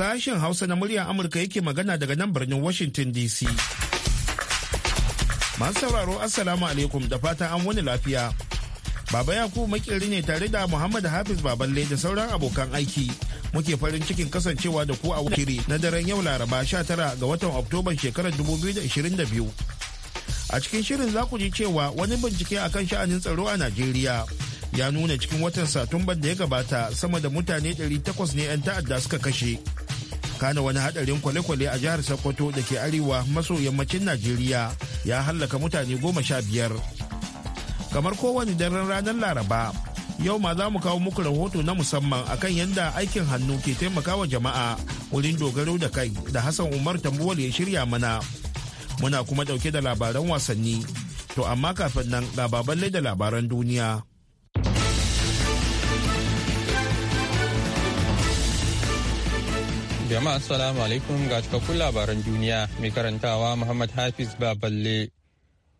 Sashen Hausa na muryar Amurka yake magana daga nan birnin Washington DC. Masu sauraro Assalamu alaikum da fata an wani lafiya. Baba Yakubu makirri ne tare da Muhammad Hafiz Baballe da sauran abokan aiki. Muke farin cikin kasancewa da ku a wakiri na daren yau Laraba 19 ga watan Oktoban shekarar 2022. A cikin shirin za ku ji cewa wani bincike akan sha'anin tsaro a Najeriya ya nuna cikin watan Satumban da ya gabata sama da mutane 800 ne 'yan ta'adda suka kashe. kana wani hadarin kwale-kwale a jihar sokoto da ke arewa maso yammacin najeriya ya hallaka mutane goma sha biyar kamar kowane daren ranar laraba yau ma za mu kawo muku rahoto na musamman akan yadda aikin hannu ke taimakawa jama'a wurin dogaro da kai da hassan umar tambuwal ya shirya mana muna kuma dauke da labaran wasanni to amma kafin nan ga da labaran duniya Jama'a assalamu alaikum ga cikakkun labaran duniya mai karantawa Muhammad Hafiz Baballe.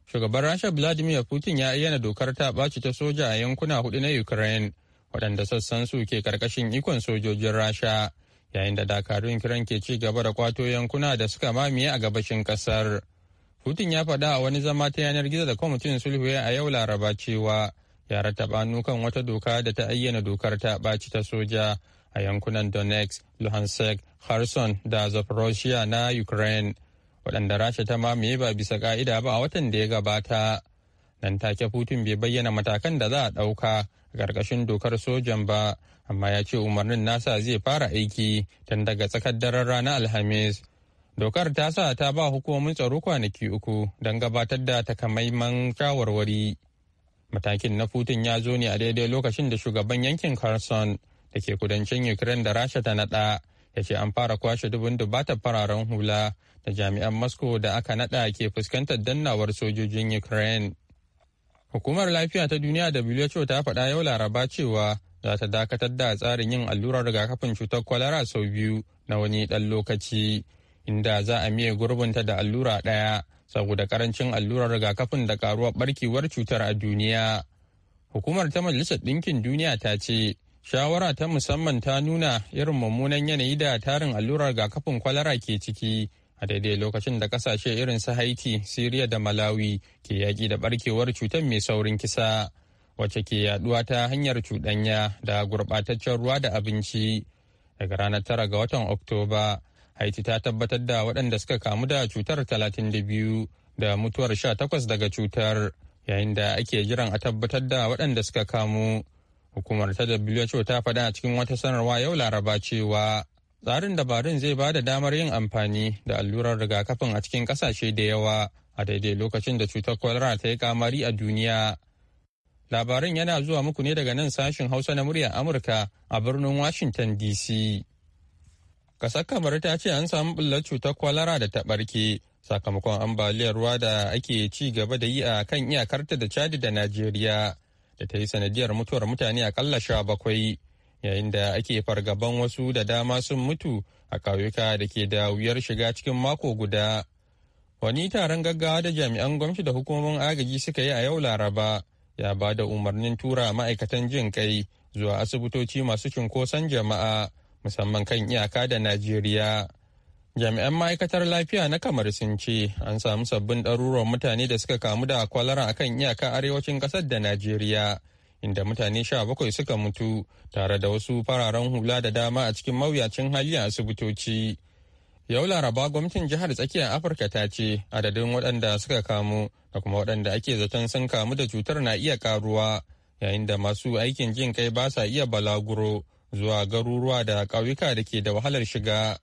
Shugaban Rasha Vladimir Putin ya ayyana dokar ta ɓaci ta soja a yankuna hudu na Ukraine waɗanda sassan su ke karkashin ikon sojojin Rasha yayin da dakarun kiran ke ci gaba da kwato yankuna da suka mamaye a gabashin kasar Putin ya faɗa a wani zama ta yanar gizo da kwamitin sulhu a yau Laraba cewa ya rataɓa kan wata doka da ta ayyana dokar ta ɓaci ta soja a yankunan Donetsk, Luhansk, Kherson da Zaporozhye na Ukraine, waɗanda Rasha ta mamaye ba bisa ƙa'ida ba a watan da ya gabata. Nan take Putin bai bayyana matakan da za a ɗauka a ƙarƙashin dokar sojan ba, amma ya ce umarnin nasa zai fara aiki tun daga tsakar daren rana Alhamis. Dokar ta sa ta ba hukumomin tsaro kwanaki uku don gabatar da takamaiman shawarwari. Matakin na Putin ya zo ne a daidai lokacin da shugaban yankin Carson da ke kudancin Ukraine da Rasha ta naɗa ya ce an fara kwashe dubun dubatar fararen hula da jami'an Moscow da aka naɗa ke fuskantar dannawar sojojin Ukraine. Hukumar lafiya ta duniya da WHO ta faɗa yau laraba cewa za ta dakatar da tsarin yin allurar rigakafin cutar kwalara sau biyu na wani ɗan lokaci inda za a miye gurbinta da allura ɗaya saboda karancin allurar rigakafin da karuwar barkewar cutar a duniya. Hukumar ta Majalisar Ɗinkin Duniya ta ce shawara ta musamman ta nuna irin mummunan yanayi da tarin allurar rigakafin kwalara ke ciki a daidai lokacin da kasashe irin su haiti siriya da malawi ke yaƙi da barkewar cutar mai saurin kisa wacce ke yaduwa ta hanyar cuɗanya da gurɓataccen ruwa da abinci daga ranar tara ga watan oktoba haiti ta tabbatar da waɗanda suka kamu da cutar talatin da biyu da mutuwar sha takwas daga cutar yayin da ake jiran a tabbatar da waɗanda suka kamu Hukumar ta WHO ta faɗa a cikin wata sanarwa yau Laraba cewa tsarin dabarun zai ba da damar yin amfani da allurar rigakafin a cikin ƙasashe da yawa a daidai lokacin da cutar kwalara ta yi kamari a duniya. Labarin yana zuwa muku ne daga nan sashin Hausa na muryar Amurka a birnin Washington DC. Ƙasar Kamar ta ce an samu bullar cutar kwalara da ta ɓarke sakamakon ambaliyar ruwa da ake ci gaba da yi a kan iyakarta da Chad da Najeriya. da ta yi sanadiyar mutuwar mutane akalla sha bakwai yayin da ake fargaban wasu da dama sun mutu a kawuka da ke da wuyar shiga cikin mako guda. Wani taron gaggawa da jami'an gwamnati da hukumomin agaji suka yi a yau Laraba ya ba da umarnin tura ma'aikatan jin kai zuwa asibitoci masu cunkoson jama'a musamman kan iyaka da Najeriya. Jami'an ma'aikatar lafiya na kamar sun ce an samu sabbin ɗaruruwan mutane da suka kamu da kwalara a kan iyaka arewacin ƙasar da Najeriya, inda mutane sha bakwai suka mutu tare da wasu fararen hula da dama a cikin mawuyacin hali a asibitoci. Yau Laraba gwamnatin jihar tsakiyar Afirka ta ce adadin waɗanda suka kamu da kuma waɗanda ake zaton sun kamu da cutar na iya karuwa yayin da masu aikin jin kai ba sa iya balaguro zuwa garuruwa da ƙauyuka da ke da wahalar shiga.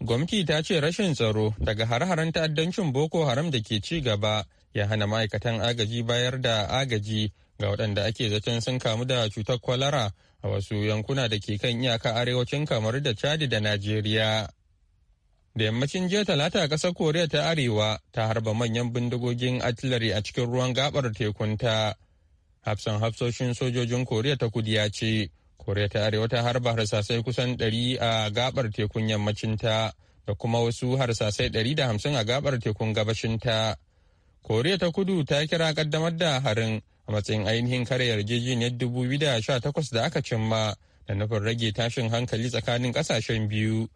Gwamnati ta ce rashin tsaro daga har-haren ta'addancin Boko Haram da ke ci gaba ya hana ma'aikatan agaji bayar da agaji ga waɗanda ake zaton sun kamu da cutar kwalara a wasu yankuna da ke kan iyaka arewacin kamar da Chadi da Najeriya. Da yammacin jiya talata ƙasar Koriya ta Arewa ta harba manyan bindigogin artillery a cikin ruwan gabar tekunta. Hafsan hafsoshin sojojin Koriya ta kudu ya ce koriya ta arewa ta harba harsasai kusan 100 a gabar tekun yammacinta da kuma wasu harsasai da 150 a gabar tekun gabashin ta koriya ta kudu ta kira kaddamar da harin a matsayin ainihin kare yarjejeniyar dubu 2018 da aka cimma da nufin rage tashin hankali tsakanin kasashen biyu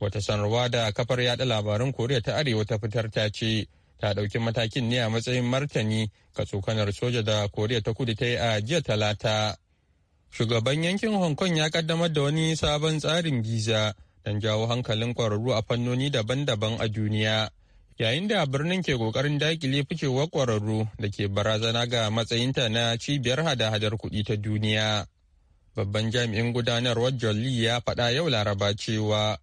wata sanarwa da kafar yada labarun koriya ta arewa ta fitar ta ce ta ɗauki matakin ne a matsayin martani ga tsokanar soja da koriya ta kudu ta yi a jiya talata Shugaban yankin Hong Kong ya kaddamar da wani sabon tsarin biza don jawo hankalin kwararru a fannoni daban-daban a duniya. Yayin da birnin ke ƙoƙarin dakile ficewar kwararru da ke barazana ga matsayinta na cibiyar hada-hadar kuɗi ta duniya. Babban jami'in gudanarwar John Lee ya faɗa yau Laraba cewa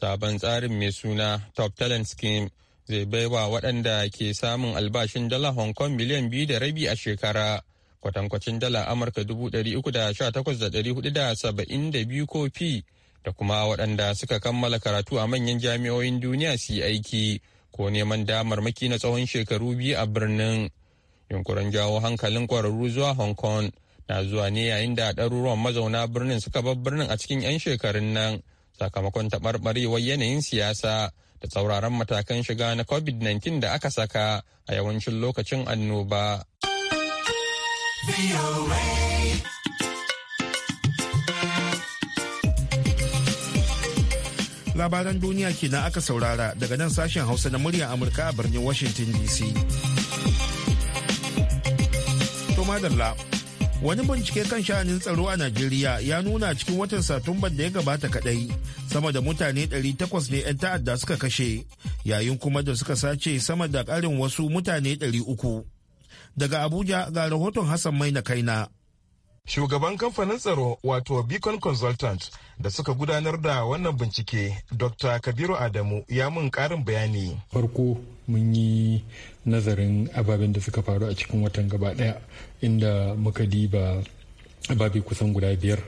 sabon tsarin mai suna Top Talent Scheme zai baiwa waɗanda ke samun albashin dala Hong Kong miliyan biyu da rabi a shekara kwatankwacin dala amurka 318,472 ko fi da kuma waɗanda suka kammala karatu a manyan jami'o'in duniya su yi aiki ko neman damar maki na tsawon shekaru biyu a birnin yunkurin jawo hankalin kwararru zuwa hong kong na zuwa ne yayin da ɗaruruwan mazauna birnin suka bar birnin a cikin 'yan shekarun nan sakamakon taɓarɓarewar yanayin siyasa da tsauraran matakan shiga na covid-19 da aka saka a yawancin lokacin annoba Labaran duniya kenan aka saurara daga nan sashen Hausa na muryar Amurka a birnin Washington DC. To madalla. wani bincike kan sha'anin tsaro a najeriya ya nuna cikin watan satumban da ya gabata kadai sama da mutane 800 ne 'yan ta'adda suka kashe yayin kuma da suka sace sama da karin wasu mutane 300 Daga Abuja ga rahoton Hassan Mai na kaina. Shugaban kamfanin tsaro wato Beacon Consultant da suka gudanar da wannan bincike Dr. Kabiru Adamu ya mun karin bayani. Farko mun yi nazarin ababen da suka faru a cikin watan gaba daya inda muka diba ababe kusan guda biyar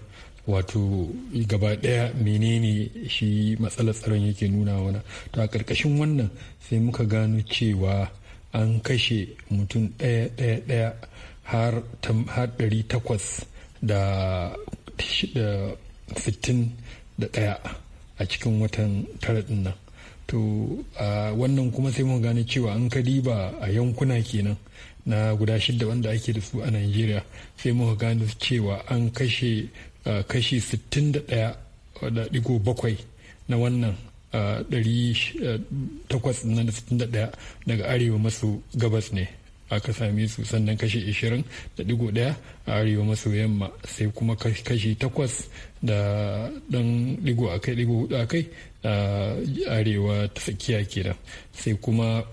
wato gaba daya menene shi matsalar tsaron yake nuna wana to a ƙarƙashin wannan sai muka gano cewa an kashe mutum ɗaya ɗaya ɗaya har ɗari takwas da sittin da ɗaya a cikin watan tara ɗin nan to a wannan kuma sai mun gane cewa an riba a yankuna kenan na guda shidda wanda ake da su a nigeria sai muka gane cewa an kashe kashi sittin da da ɗaya ɗigo bakwai na wannan 861 eh, daga arewa maso gabas ne aka same su sannan kashi 20 da digo daya a arewa maso yamma sai kuma kashi 8 da dan digo a kai digo hudu a kai arewa ta tsakiya kenan sai kuma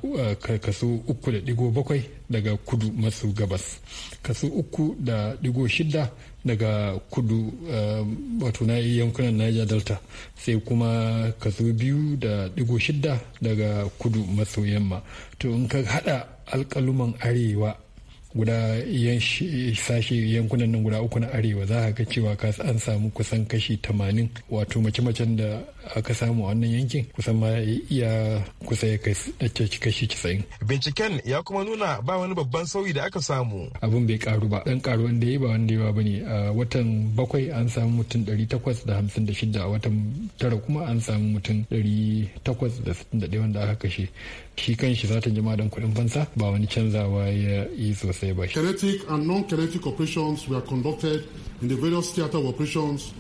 kaso uku da digo bakwai daga kudu maso gabas kaso uku da digo shida daga kudu wato na yankunan niger delta sai kuma kaso biyu da digo shida daga kudu maso yamma to in ka hada alkaluman arewa guda sashe yankunan nan guda uku na arewa za ka ga cewa an samu kusan kashi tamanin wato mace-macen da aka samu a wannan yankin kusan ma iya kusa ya kai kashi casa'in. binciken ya kuma nuna ba wani babban sauyi da aka samu abin bai karu ba dan karu wanda ya ba wanda ya ba ne a watan bakwai an samu mutum ɗari takwas da hamsin da shida a watan tara kuma an samu mutum ɗari takwas da sittin da ɗaya wanda aka kashe shi kan shi za ta jima dan kuɗin fansa ba wani canzawa ya yi sosai ba. Kinetic and non-kinetic operations were conducted in the various theater operations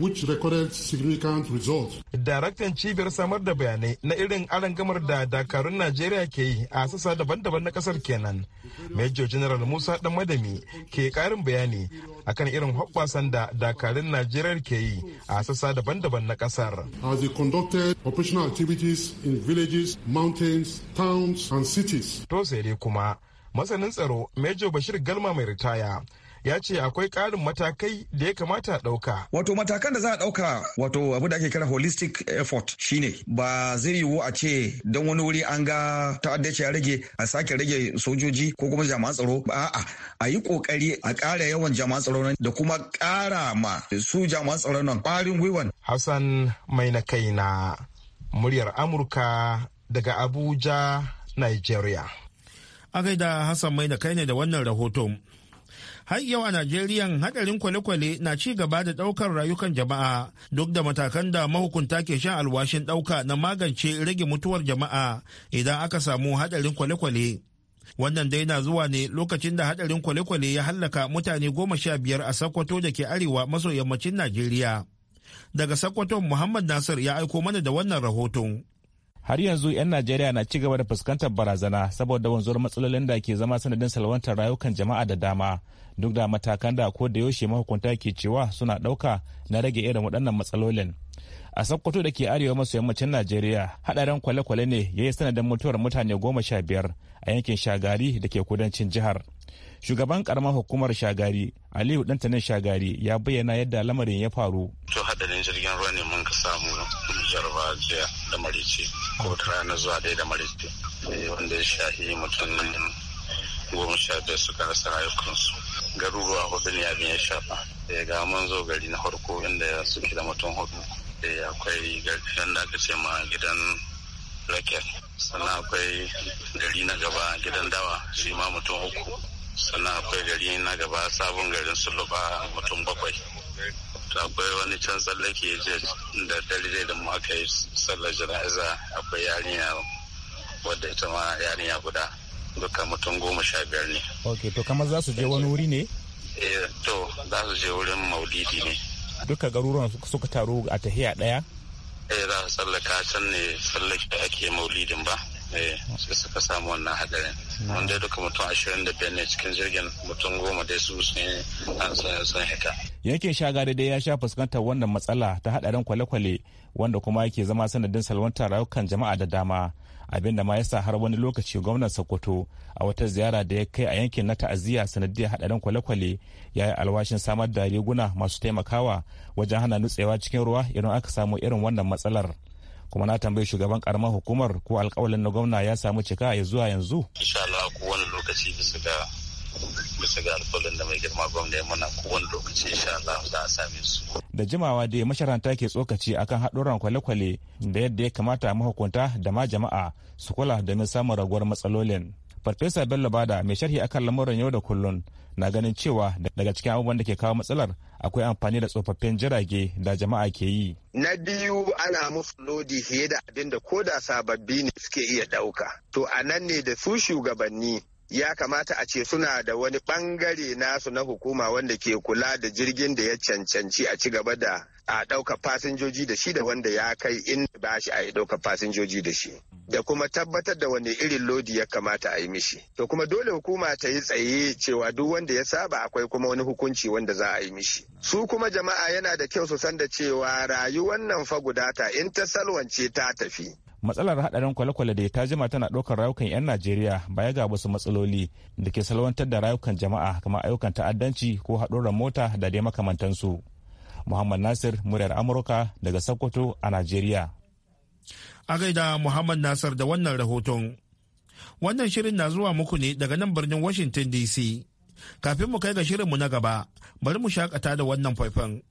which recorded significant results. Daraktan cibiyar samar da bayanai na irin arangamar da dakarun Najeriya ke yi a sassa daban-daban na kasar kenan. Major General Musa Dan Madami ke karin bayani akan irin hoɓɓasan da dakarun Najeriya ke yi a sassa daban-daban na kasar. As they conducted operational activities in villages, mountains, towns and cities. To sai dai kuma masanin tsaro Major Bashir Galma mai ritaya ya ce akwai ƙarin matakai da ya kamata a ɗauka. Wato matakan da za a ɗauka wato abu da ake kira holistic effort shine ba zai yiwu a ce don wani wuri an ga ta'addaci ya rage a sake rage sojoji ko kuma jama'an tsaro a'a a yi kokari a ƙara yawan jama'an tsaro nan da kuma ƙara ma su jama'an tsaro nan ƙwarin gwiwan. Hassan mai na kai na muryar Amurka daga Abuja, Nigeria. A gaida Hassan mai na kai ne da wannan rahoton. har yau a najeriya hadarin kwale-kwale na ci gaba da daukar rayukan jama'a duk da matakan da mahukunta ke shan alwashin dauka na magance rage mutuwar jama'a idan aka samu hadarin kwale-kwale wannan dai na zuwa ne lokacin da hadarin kwale-kwale ya hallaka mutane goma sha biyar a Sokoto da ke arewa maso yammacin najeriya daga Sokoto muhammad nasir ya aiko mana da wannan rahoton har yanzu 'yan najeriya na ci gaba da fuskantar barazana saboda wanzuwar matsalolin da ke zama sanadin salwantar rayukan jama'a da dama duk da matakan da ko da yaushe mahukunta ke cewa suna ɗauka na rage irin waɗannan matsalolin a sakkwato da ke arewa maso yammacin najeriya haɗarin kwale-kwale ne ya yi sanadin mutuwar mutane goma sha biyar a yankin shagari da ke kudancin jihar shugaban karamar hukumar shagari aliyu dantanen shagari ya bayyana yadda lamarin ya faru to hadarin jirgin ruwa ne mun ka samu jarba jiya da marice ko ta rana zuwa dai da marice eh, wanda ya shahi mutum goma sha biyar suka rasa rayukansu garuruwa hudu ne abin ya shafa ya eh, ga mun zo gari na farko inda suke da mutum hudu da eh, akwai garin da aka ce ma gidan raket sannan akwai gari na gaba gidan dawa shi ma mutum uku sannan akwai gari na gaba sabon garin suluba mutum bakwai akwai wani can tsallake da dalilai da mu yi tsallar jana'iza akwai yarinya wadda ita ma yarinya guda duka mutum goma sha biyar ne ok to kamar za su je wani wuri ne eh to za su je wurin maulidi ne duka garuruwan suka taru a tahiya daya eh za su tsallaka can ne tsallake ake maulidin ba Eh, sai suka samu wannan hadarin wanda ya duka mutum ashirin da biyar ne cikin jirgin mutum goma dai su sun hita yankin shagari dai ya sha fuskantar wannan matsala ta hadarin kwale-kwale wanda kuma yake zama sanadin salwantar rayukan jama'a da dama abin da ma ya sa har wani lokaci gwamnan sokoto a wata ziyara da ya kai a yankin na ta'aziyya sanadiyar hadarin kwale-kwale ya yi alwashin samar da riguna masu taimakawa wajen hana nutsewa cikin ruwa idan aka samu irin wannan matsalar kuma na tambayi shugaban karamar hukumar ko alkawalin na gwamna ya samu cika ya zuwa yanzu insha Allah wani lokaci bisa ga bisa ga alkawalin da mai girma gwamna ya mana ko wani lokaci insha za a same su da jimawa dai masharanta ke tsokaci akan haɗurran kwale-kwale da yadda ya kamata mahukunta da ma jama'a su kula domin samun raguwar matsalolin farfesa bello bada mai sharhi akan lamuran yau da kullun na ganin cewa daga cikin abubuwan da ke kawo matsalar akwai amfani da tsofaffin jirage da jama'a ke yi. Na biyu ana musu lodi fiye da abin da ko da sababbi ne suke iya ɗauka. To a nan ne da su shugabanni ya kamata a ce suna da wani bangare nasu na hukuma wanda ke kula da jirgin da ya cancanci a ci gaba da a ɗaukar fasinjoji da shi da wanda ya kai in ba shi a ɗaukar fasinjoji da shi da kuma tabbatar da wani irin lodi ya kamata a yi mishi to kuma dole hukuma ta yi tsaye cewa duk wanda ya saba akwai kuma wani hukunci wanda za a yi mishi su kuma jama'a yana da kyau su san da cewa rayuwar nan fa gudata in ta salwance ta tafi matsalar hadarin kwale-kwale da ta jima tana ɗaukar rayukan 'yan najeriya baya ga wasu matsaloli da ke salwantar da rayukan jama'a kamar ayyukan ta'addanci ko haɗurran mota da dai makamantansu muhammad nasir muryar amurka daga sokoto a najeriya a gaida muhammad nasir da wannan rahoton wannan shirin na zuwa muku ne daga nan birnin washington dc kafin mu kai ga shirinmu na gaba bari mu shakata da wannan faifan.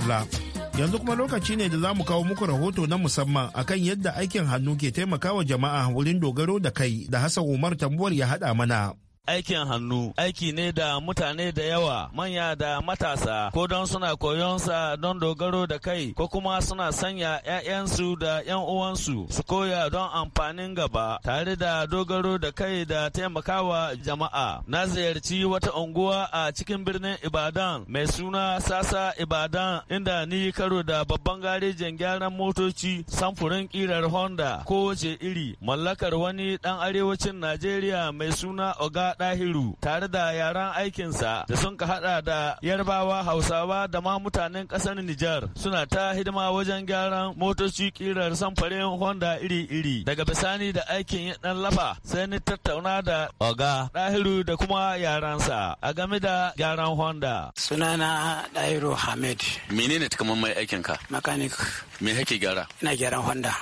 madalla yanzu kuma lokaci ne da za mu kawo muku rahoto na musamman akan yadda aikin hannu ke taimakawa jama'a wurin dogaro da kai da hassan umar tambuwar ya haɗa mana aikin hannu aiki ne da mutane da yawa manya da matasa ko don suna koyonsa don dogaro da kai ko kuma suna sanya 'ya'yansu da 'yan uwansu su koya don amfanin gaba tare da dogaro da kai da taimakawa jama'a na ziyarci wata unguwa a cikin birnin ibadan mai suna sasa ibadan inda ni karo da babban garejin gyaran motoci samfurin ƙirar honda kowace iri mallakar wani dan arewacin najeriya mai suna oga Musa Dahiru tare da yaran aikinsa da sun ka hada da Yarbawa, Hausawa da ma mutanen kasar Nijar suna ta hidima wajen gyaran motoci kirar samfarin Honda iri-iri. Daga bisani da aikin ya dan lafa sai ni tattauna da Oga Dahiru da kuma yaransa a game da gyaran Honda. Sunana Dahiru Hamid. Menene takamaiman aikinka? Mechanic. Me kake gyara? Ina gyaran Honda.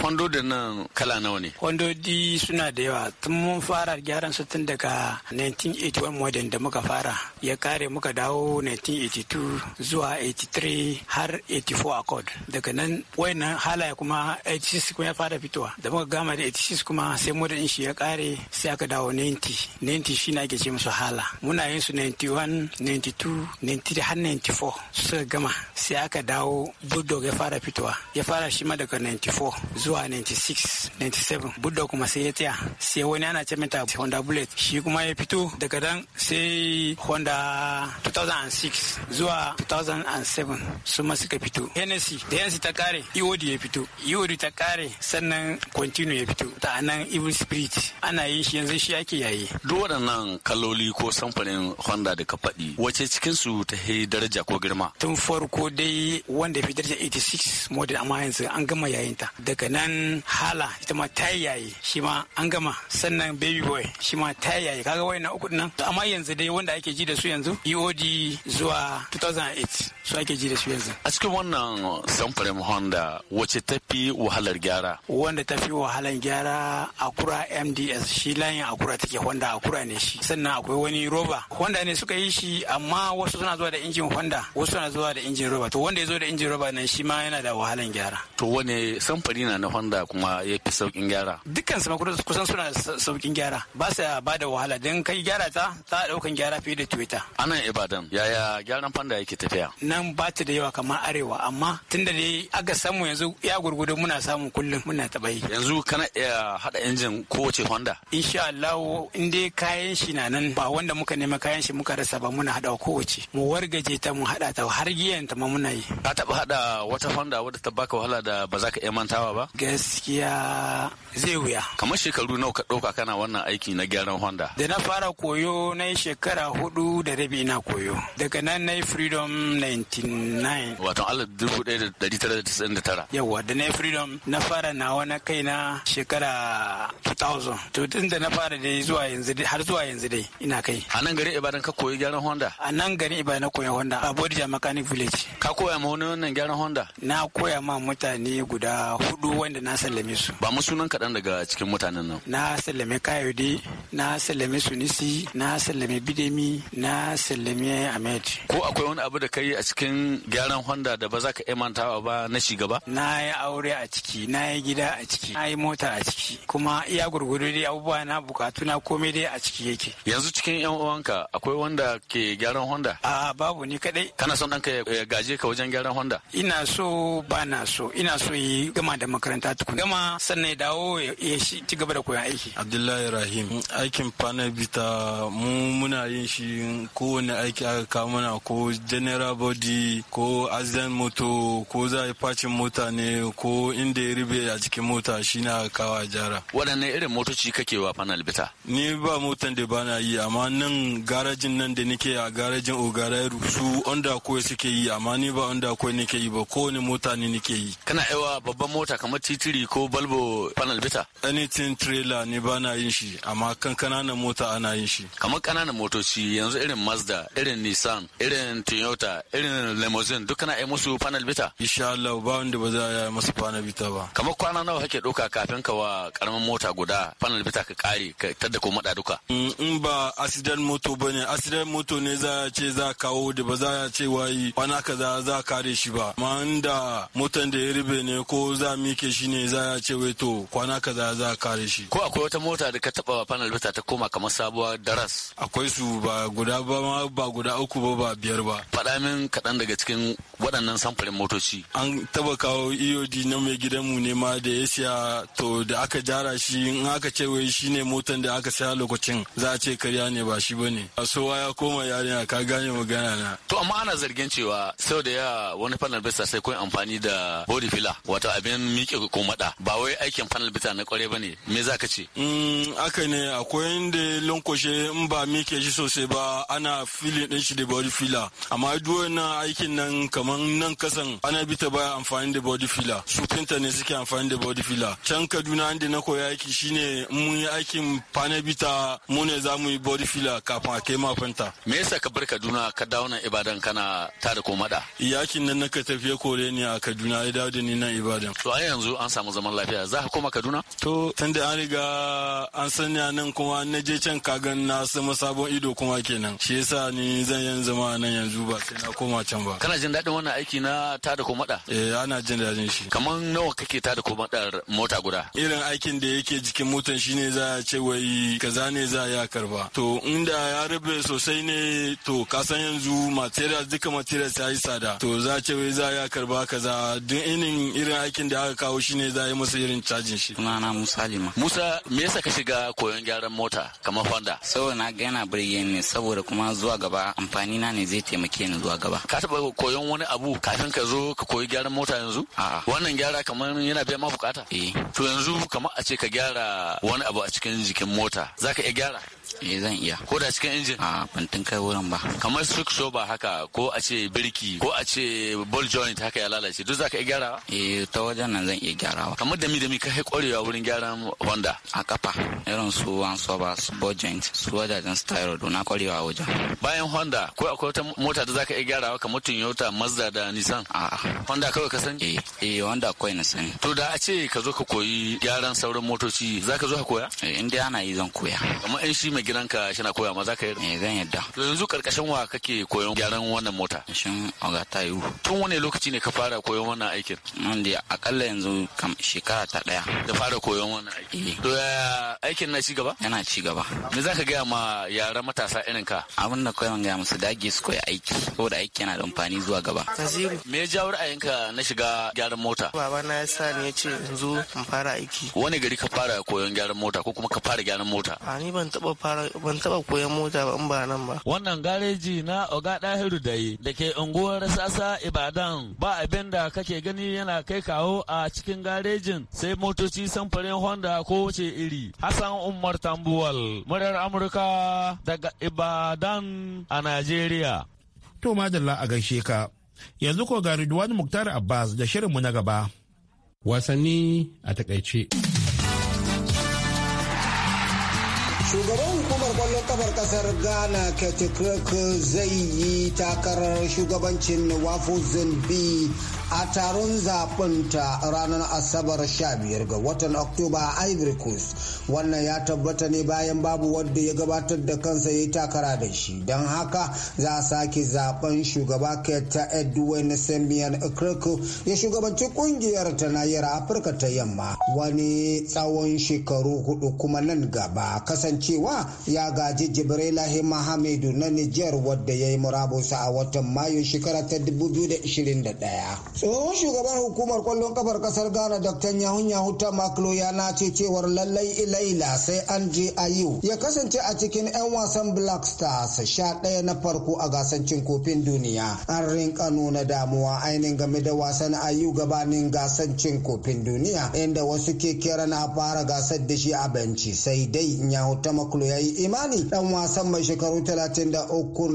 kwando da nan kala nawa ne? Hondodi suna da yawa tun mun fara gyaran su tun daga 1981 modern da muka fara ya kare muka dawo 1982 zuwa 83 har 84 accord daga nan wayannan halaye kuma 86 kuma ya fara fitowa da muka gama da 86 kuma sai modern shi ya kare sai aka dawo 90 90 shi na ake ce musu hala muna yin su 91 92 93 har 94 suka gama sai aka dawo bulldog ya fara fitowa ya fara shi ma daga 94 zuwa 96 97 budda kuma sai ya tsaya sai wani ana ce mata honda bullet shi kuma ya fito daga dan sai honda 2006 zuwa 2007 su ma suka fito hennessy da yansu ta kare iwodi e ya fito iwodi e ta kare sannan continue ya fito ta nan evil spirit ana yin shi yanzu shi ake yayi duk waɗannan kaloli ko samfanin honda da ka faɗi wace cikin su ta daraja ko girma tun farko dai wanda fi daraja 86 model amma yanzu an gama yayinta. ta daga Nan hala ita ma ta yayi shi ma an gama sannan baby boy shi ma ta yayi kaga wayannan uku nan amma yanzu dai wanda ake ji da su yanzu EOD zuwa 2008 su ake ji da su yanzu a cikin wannan samfurin Honda wace tafi wahalar gyara wanda tafi wahalar gyara akura MDS shi layin akura take Honda akura ne shi sannan akwai wani roba Honda ne suka yi shi amma wasu suna zuwa da injin Honda wasu suna zuwa da injin roba to wanda ya zo da injin roba nan shi ma yana da wahalar gyara to wane samfuri na na honda kuma ya fi saukin gyara dukkan su kusan suna saukin gyara ba su ba da wahala don kai gyara ta za a daukan gyara fiye da toyota anan ibadan yaya gyaran fanda yake tafiya nan ba ta da yawa kamar arewa amma tunda dai aka samu yanzu ya gurgudu muna samu kullum muna taɓa yi yanzu kana iya haɗa injin kowace honda insha Allah in dai kayan shi na nan ba wanda muka nema kayan shi muka rasa ba muna haɗa kowace mu wargaje ta mu haɗa ta har giyan ta ma muna yi ka taɓa haɗa wata honda wadda ta baka wahala da ba za ka iya mantawa ba ba? Gaskiya zai wuya. Kamar shekaru nawa ka ɗauka kana wannan aiki na gyaran Honda? Da na fara koyo na yi shekara hudu da rabi na koyo. Daga nan na yi Freedom 99. Wato Allah dubu ɗaya da ɗari tara da tisa'in da tara. Yawwa da na yi Freedom na fara nawa na kai na shekara 2000. To tun da na fara dai zuwa yanzu har zuwa yanzu dai ina kai. A nan gari Ibadan ka koyi gyaran Honda? A nan gari Ibadan na koyi Honda a Bodija Mechanic Village. Ka koya ma wani wannan gyaran Honda? Na koya ma mutane guda hudu wanda na sallame su ba sunan kaɗan daga cikin mutanen nan na sallame kayode na sallame sunisi na sallame bidemi na sallame ahmed ko akwai wani abu da ka yi a cikin gyaran honda da ba za ka imantawa ba na shigaba na yi aure a ciki na yi gida a ciki na yi mota a ciki kuma iya gurgudu dai abubuwa na bukatu na komai dai a ciki yake yanzu cikin yan uwanka akwai wanda ke gyaran honda a babu ni kadai kana son ɗanka ya gaje ka wajen gyaran honda ina so ba na so ina so yi gama da makaranta tukuna. gama sannan ya dawo ya shi ci gaba da koyon aiki abdullahi rahim aikin panel bita mu muna yin shi kowane aiki aka kawo mana ko general body ko azan moto ko za a yi facin mota ne ko inda ya ribe a cikin mota shi na kawo jara waɗanne irin motoci kake wa panel bita ni ba motan da bana yi amma nan garajin nan da nake a garajin ogarairu su onda koyi suke yi amma ni ba onda koyi nake yi ba kowane mota ne nake yi kana aiwa babban mota kamar samu titiri ko balbo panel bita anything trailer ne ba na yin shi amma kan kananan mota ana yin shi kamar kananan motoci yanzu irin mazda irin nissan irin toyota irin limousine duk kana yi musu panel bita insha Allah ba wanda ba za a yi musu panel bita ba kamar kwana nawa kake doka kafin ka wa karamin mota guda panel bita ka kare ka tadda ko mada duka mm, in ba accident moto ne accident moto ne za a ce za kawo da ba za a ce wayi kwana kaza za kare shi ba ma da motan da ya ribe ne ko za miki yake shi ne za a ce wai to kwana kaza za a kare shi ko akwai wata mota da ka taba panel bita ta koma kamar sabuwa daras akwai su ba guda ba ma ba guda uku ba ba biyar ba faɗa min kaɗan daga cikin waɗannan samfurin motoci an taba kawo EOD na mai gidanmu ne ma da ya siya to da aka jara shi in aka ce wai shi ne motan da aka saya lokacin za a ce karya ne ba shi ne. a sowa ya koma yarinya ka gane magana na to amma ana zargin cewa sau da yawa wani panel bisa sai kun amfani da body filler wato abin miki keke ko da. ba wai aikin fanal bita na kware bane me za ka ce mm, aka ne akwai inda lankwashe in ba mike shi sosai ba ana filin din shi da body filler amma duk na aikin nan kaman nan kasan ana bita ba amfani da body filler su pinta ne suke amfani da body filler can kaduna inda na koya aiki shine mun yi aikin fanal bita mu ne za mu yi body filler kafin a kai ma fanta me yasa ka bar kaduna ka dawo nan ibadan kana tada ko mada yakin nan na ka tafiye kore ne a kaduna ya dawo da ni nan ibadan to a yanzu yanzu an samu zaman lafiya za ka koma kaduna to tunda an riga an sanya nan kuma na je can gan na sama sabon ido kuma kenan shi yasa ni zan yan zama nan yanzu ba sai na koma can ba kana jin daɗin wannan aiki na tada komada eh ana jin daɗin shi kaman nawa kake tada komadar mota guda irin aikin da yake jikin motan shine za a ce wai kaza ne za ya karba to inda ya rabe sosai ne to ka san yanzu material duka material ta yi tsada to za a ce wai za ya karba kaza duk inin irin aikin da aka kawo dawo ne za yi masa irin cajin shi na musa lima musa me yasa ka shiga koyon gyaran mota kamar honda saboda na ga yana burge ni saboda kuma zuwa gaba amfani na ne zai taimake ni zuwa gaba ka taɓa koyon wani abu kafin ka zo ka koyi gyaran mota yanzu a'a wannan gyara kamar yana biya ma bukata eh to yanzu kamar a ce ka gyara wani abu a cikin jikin mota za ka iya gyara eh zan iya ko da cikin injin a bantin kai wurin ba kamar strict shoba haka ko a ce birki ko a ce ball joint haka ya lalace duk zaka iya gyarawa eh ta wajen nan zan iya gyarawa kamar da mi da mi ka kai kwarewa wurin gyaran honda a kafa irin su one soba su ball joint su wajajen styro na kwarewa wajen bayan honda ko akwai wata mota da zaka iya gyarawa kamar toyota mazda da nissan a honda kawai ka sani eh, eh honda akwai na sani to da a ce ka zo ka koyi gyaran sauran motoci zaka zo ka koya eh inda ana yi zan koya kamar in shi mai gidanka shi na koya ma za ka yi? Eh zan yadda. To yanzu karkashin wa kake koyon gyaran wannan mota? Shin oga ta yiwu. Tun wani lokaci ne ka fara koyon wannan aikin? Nan da akalla yanzu kam shekara ta ɗaya. Da fara koyon wannan aikin. Eh. To ya aikin na ci gaba? Yana ci gaba. Me za ka gaya ma yara matasa irin ka? Abin da koyon gaya musu dage su koya aiki. Saboda aiki yana da amfani zuwa gaba. Kaziru. Me ya jawo ra'ayinka na shiga gyaran mota? Baba na ya sa ni ya ce yanzu in fara aiki. Wani gari ka fara koyon gyaran mota ko kuma ka fara gyaran mota? A ni ban taɓa fara ban taba koyan mota ba in ba nan ba wannan gareji na oga dahiru yi da ke unguwar sasa ibadan ba abin da kake gani yana kai kawo a cikin garejin sai motoci samfurin honda ko wace iri hassan umar tambuwal murar amurka daga ibadan a najeriya to madalla a gaishe ka yanzu ko ga Ridwan Muktar Abbas da shirinmu na gaba. Wasanni a takaice. shugaban hukumar kwallon kafar kasar ghana kete zai yi takarar shugabancin wafo b a taron ta ranar asabar 15 ga watan oktoba a ivory coast wannan ya tabbata ne bayan babu wanda ya gabatar da kansa ya yi takara da shi don haka za a sake zaben shugaba keta edwin samian kirk ya shugabanci ƙungiyar ta nahiyar afirka ta yamma wani tsawon shekaru hudu kuma nan gaba kasance cewa ya gaji jibrilahi mahamedu na nijar wadda ya yi murabusa a watan mayu shekara ta 2021 tsohon shugaban hukumar kwallon kafar kasar ghana dr yahun yahuta maklo ya nace cewar lallai ilaila sai an je ayu ya kasance a cikin 'yan wasan black stars sha ɗaya na farko a gasar cin kofin duniya an rinka nuna damuwa ainihin game da wasan ayu gabanin gasar cin kofin duniya inda wasu ke kiran a fara gasar da shi a benci sai dai yahuta maklo ya yi imani ɗan wasan mai shekaru 33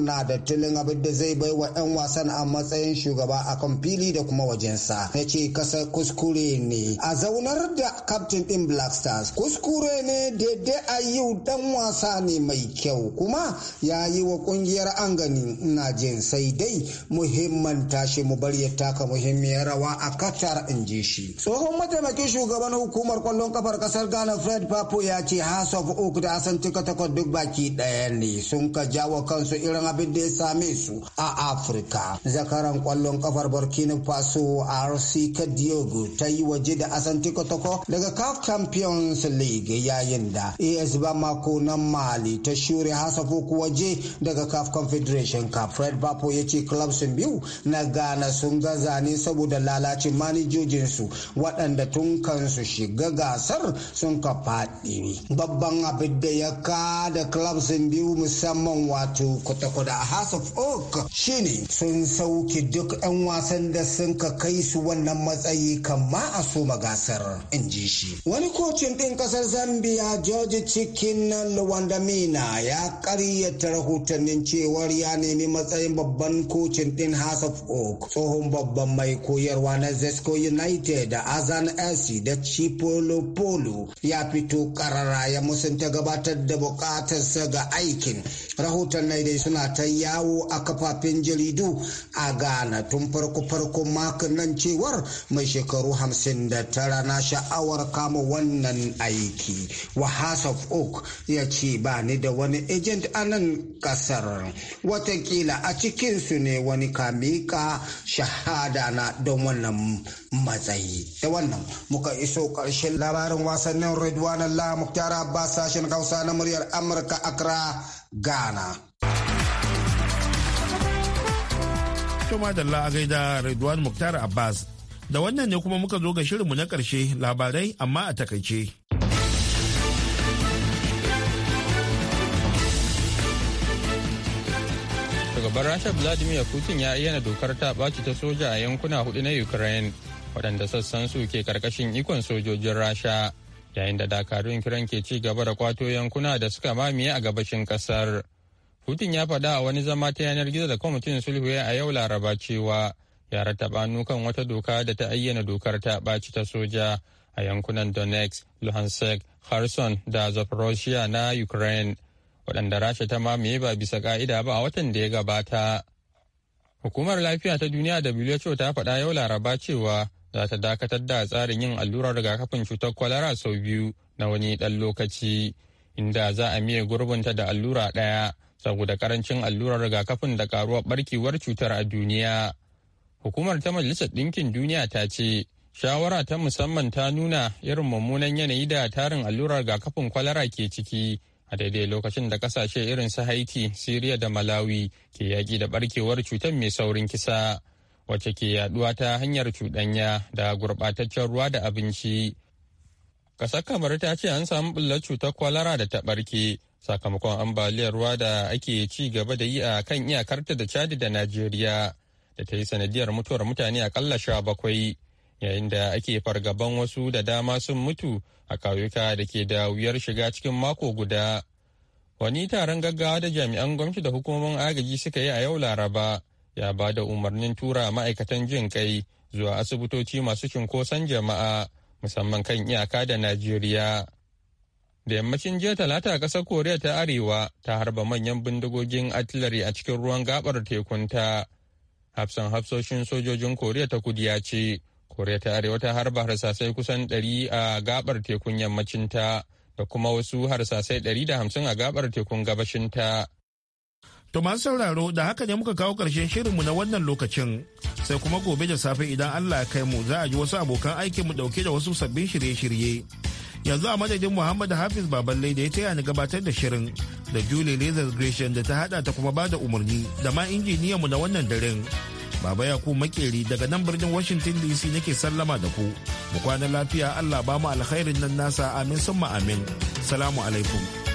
na da tilin abin da zai bai wa 'yan wasan a matsayin shugaba a kan fili da kuma wajensa. Ya ce kasar kuskure ne a zaunar da kaftin ɗin Black Stars. Kuskure ne daidai a yi ɗan wasa ne mai kyau kuma ya yi wa ƙungiyar an gani ina jin sai dai muhimman tashi mu bari ya taka muhimmiyar rawa a Qatar in ji shi. Tsohon mataimakin shugaban hukumar kwallon kafar kasar Ghana Fred Papo ya ce House of Oak da san cika duk baki ɗaya ne sun ka jawo kansu irin abin da ya same su a afirka zakaran kwallon kafar burkina faso rc kadiogo ta yi waje da asanti kotoko daga caf champions league yayin da as e mako na mali ta shure ku waje daga caf confederation cup fred bapo ya ce club sun biyu na ghana sun gaza ne saboda lalacin manijojinsu waɗanda tun kansu shiga gasar sun ka faɗi babban abin da ya da clubs biyu musamman wato kwata-kwata House of Oak shine sun sauke duk 'yan wasan da sun ka kai su wannan matsayi kama a soma gasar in ji shi. Wani kocin ɗin ƙasar Zambia George Chicken Lwandamina ya ƙaryata rahotannin cewar ya nemi matsayin babban kocin ɗin House of Oak tsohon babban mai koyarwa na Zesco United da Azan FC da Chipolo Polo ya fito ƙarara ya musanta gabatar gabatar da bukatarsa ga aikin rahoton na dai suna ta yawo a kafafen jaridu a ghana tun farko-farkon makon nan cewar mai shekaru 59 na sha'awar kama wannan aiki wahas of oak ya ce ba ni da wani agent a nan kasar watakila a cikinsu ne wani kamika shahada na don wannan matsayi da wannan muka iso ƙarshen labarin wasannin Redwan Allah Muktar Abbas sashen Hausa na muryar Amurka Accra Ghana. To madalla a gaida Redwan Muktar Abbas da wannan ne kuma muka zo ga shirinmu na ƙarshe labarai amma a takaice. Shugaban Rasha Vladimir Putin ya ayyana dokar ta ɓaci ta soja a yankuna hudu na Ukraine waɗanda sassan su ke karkashin ikon sojojin Rasha yayin da dakarun kiran ke ci gaba da kwato yankuna da suka miya a gabashin ƙasar. Putin ya faɗa a wani zama ta yanar gizo da kwamitin sulhu a yau Laraba cewa ya rataɓa kan wata doka da ta ayyana dokar ta ɓaci ta soja a yankunan Donetsk, Luhansk, Kherson da Zaporozhye na Ukraine. waɗanda rasha ta mamaye ba bisa ka'ida ba a watan da ya gabata hukumar lafiya ta duniya da who ta faɗa yau laraba cewa za ta dakatar da tsarin yin allurar rigakafin cutar kwalara sau biyu na wani ɗan lokaci inda za a miye gurbinta da allura ɗaya saboda karancin allurar rigakafin da karuwar barkewar cutar a duniya hukumar ta majalisar ɗinkin duniya ta ce shawara ta musamman ta nuna irin mummunan yanayi da tarin allurar rigakafin kwalara ke ciki a daidai lokacin da kasashe irin su haiti siriya da malawi ke yaƙi da barkewar cutar mai saurin kisa wacce ke yaduwa ta hanyar cuɗanya da gurɓataccen ruwa da abinci ƙasar kamar ta ce an samu ɓullar cutar kwalara da ta ɓarke sakamakon ambaliyar ruwa da ake ci gaba da yi a kan iyakarta da chadi da najeriya da ta yi sanadiyar mutuwar mutane akalla sha bakwai yayin da ake fargaban wasu da dama sun mutu a kawuka da ke da wuyar shiga cikin mako guda. Wani taron gaggawa da jami'an gwamnati da hukumomin agaji suka yi a yau Laraba ya ba da umarnin tura ma'aikatan jin kai zuwa asibitoci masu cunkoson jama'a musamman kan iyaka da Najeriya. Da yammacin jiya talata ƙasar Koriya ta Arewa ta harba manyan bindigogin artillery a cikin ruwan gabar tekunta. Hafsan hafsoshin sojojin Koriya ta kudu ya ce koriya ta arewa ta harba harsasai kusan 100 a gabar tekun yammacinta da kuma wasu harsasai 150 a gabar tekun gabashinta To masu sauraro da haka ne muka kawo ƙarshen shirinmu na wannan lokacin sai kuma gobe da safe idan Allah ya kai mu za a ji wasu abokan aikin mu dauke da wasu sabbin shirye-shirye. Yanzu a madadin Muhammad Hafiz Baballe da ya taya ni gabatar da shirin da Julie Lazar Gresham da ta hada ta kuma bada umarni da ma injiniyanmu na wannan daren. Baba yakub Makeri daga nan birnin Washington DC nake sallama da ku. Mu kwana lafiya Allah ba mu alkhairin nan nasa amin summa amin. Salamu alaikum.